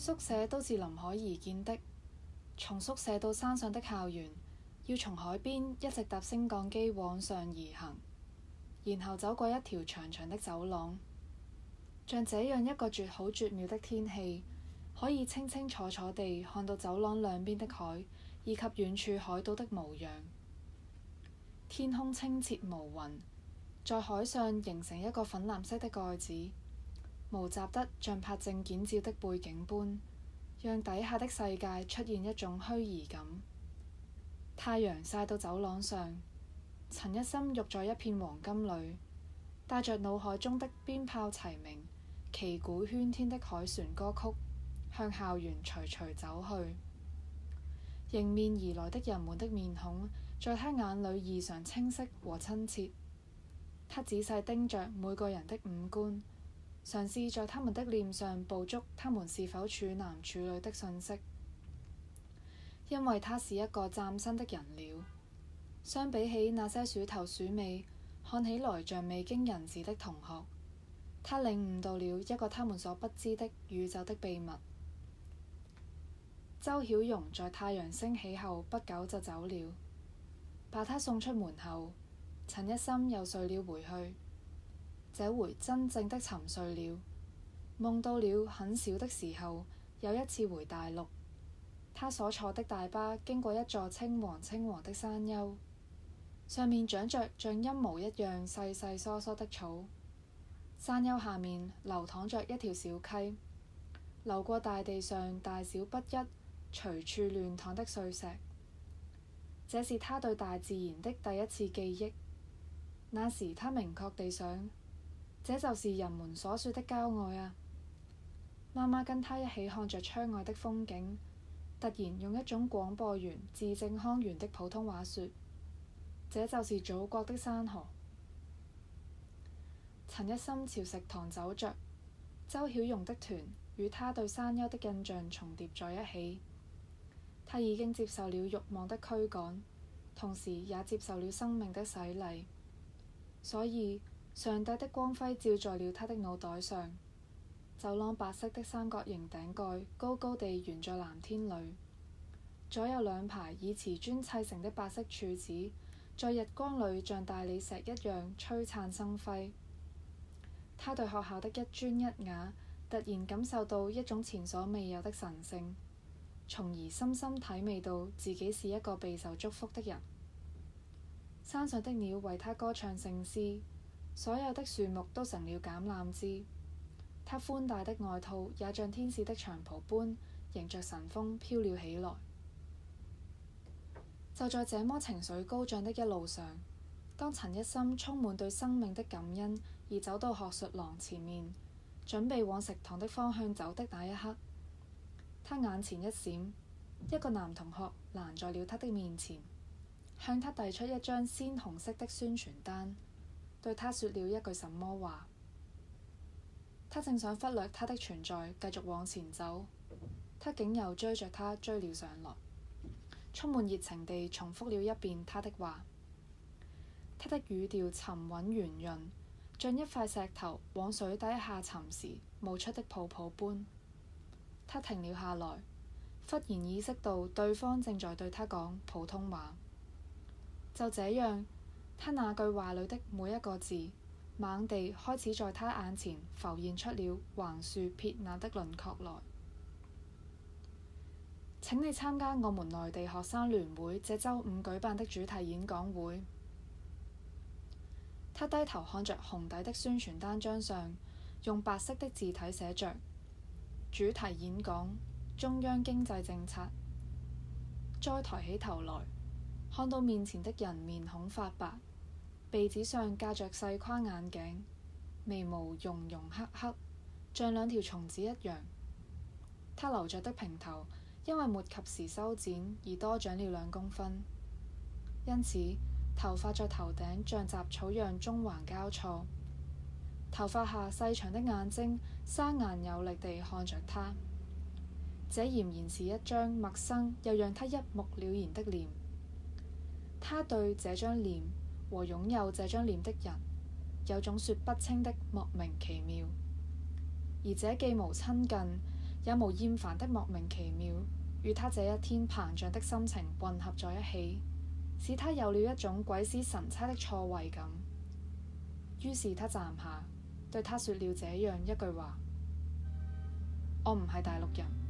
宿舍都是臨海而建的，從宿舍到山上的校園，要從海邊一直搭升降機往上而行，然後走過一條長長的走廊。像這樣一個絕好絕妙的天氣，可以清清楚楚地看到走廊兩邊的海，以及遠處海島的模樣。天空清澈無雲，在海上形成一個粉藍色的蓋子。無雜得像拍證件照的背景般，讓底下的世界出現一種虛擬感。太陽曬到走廊上，陳一心浴在一片黃金裏，帶着腦海中的鞭炮齊鳴、旗鼓喧天的凱旋歌曲，向校園徐徐走去。迎面而來的人們的面孔，在他眼裏異常清晰和親切。他仔細盯着每個人的五官。嘗試在他們的臉上捕捉他們是否處男處女的信息，因為他是一個嶄新的人了。相比起那些鼠頭鼠尾，看起來像未經人事的同學，他領悟到了一個他們所不知的宇宙的秘密。周曉蓉在太陽升起後不久就走了，把他送出門後，陳一心又睡了回去。這回真正的沉睡了，夢到了很小的時候。有一次回大陸，他所坐的大巴經過一座青黃青黃的山丘，上面長着像陰毛一樣細細疏疏的草。山丘下面流淌着一條小溪，流過大地上大小不一、隨處亂躺的碎石。這是他對大自然的第一次記憶。那時他明確地想。這就是人們所說的郊外啊！媽媽跟她一起看着窗外的風景，突然用一種廣播員字正腔圓的普通話說：這就是祖國的山河。陳一心朝食堂走着，周曉蓉的團與她對山丘的印象重疊在一起。她已經接受了欲望的驅趕，同時也接受了生命的洗禮。所以。上帝的光輝照在了他的腦袋上。走廊白色的三角形頂蓋高高地懸在藍天裏，左右兩排以瓷磚砌成的白色柱子，在日光裏像大理石一樣璀璨生輝。他對學校的一磚一瓦，突然感受到一種前所未有的神聖，從而深深體味到自己是一個備受祝福的人。山上的鳥為他歌唱聖詩。所有的樹木都成了橄欖枝，他寬大的外套也像天使的長袍般迎着晨風飄了起來。 就在這麼情緒高漲的一路上，當陳一心充滿對生命的感恩而走到學術廊前面，準備往食堂的方向走的那一刻，他眼前一閃，一個男同學攔在了他的面前，向他遞出一張鮮紅色的宣傳單。對他說了一句什麼話？他正想忽略他的存在，繼續往前走，他竟又追着他追了上來，充滿熱情地重複了一遍他的話。他的語調沉穩圓潤，像一塊石頭往水底下沉時冒出的泡泡般。他停了下來，忽然意識到對方正在對他講普通話。就這樣。他那句話裏的每一個字，猛地開始在他眼前浮現出了橫豎撇捺的輪廓來。請你參加我們內地學生聯會這周五舉辦的主題演講會。他低頭看着紅底的宣傳單張上，用白色的字體寫着主題演講：中央經濟政策。再抬起頭來，看到面前的人面孔發白。鼻子上架着細框眼鏡，眉毛茸茸黑黑，像兩條蟲子一樣。他留着的平頭，因為沒及時修剪而多長了兩公分，因此頭髮在頭頂像雜草樣中環交錯。頭髮下細長的眼睛，生眼有力地看着他。這儼然是一張陌生又讓他一目了然的臉。他對這張臉和擁有這張臉的人，有種説不清的莫名其妙，而這既無親近也無厭煩的莫名其妙，與他這一天膨脹的心情混合在一起，使他有了一種鬼使神差的錯位感。於是他站下，對他說了這樣一句話：我唔係大陸人。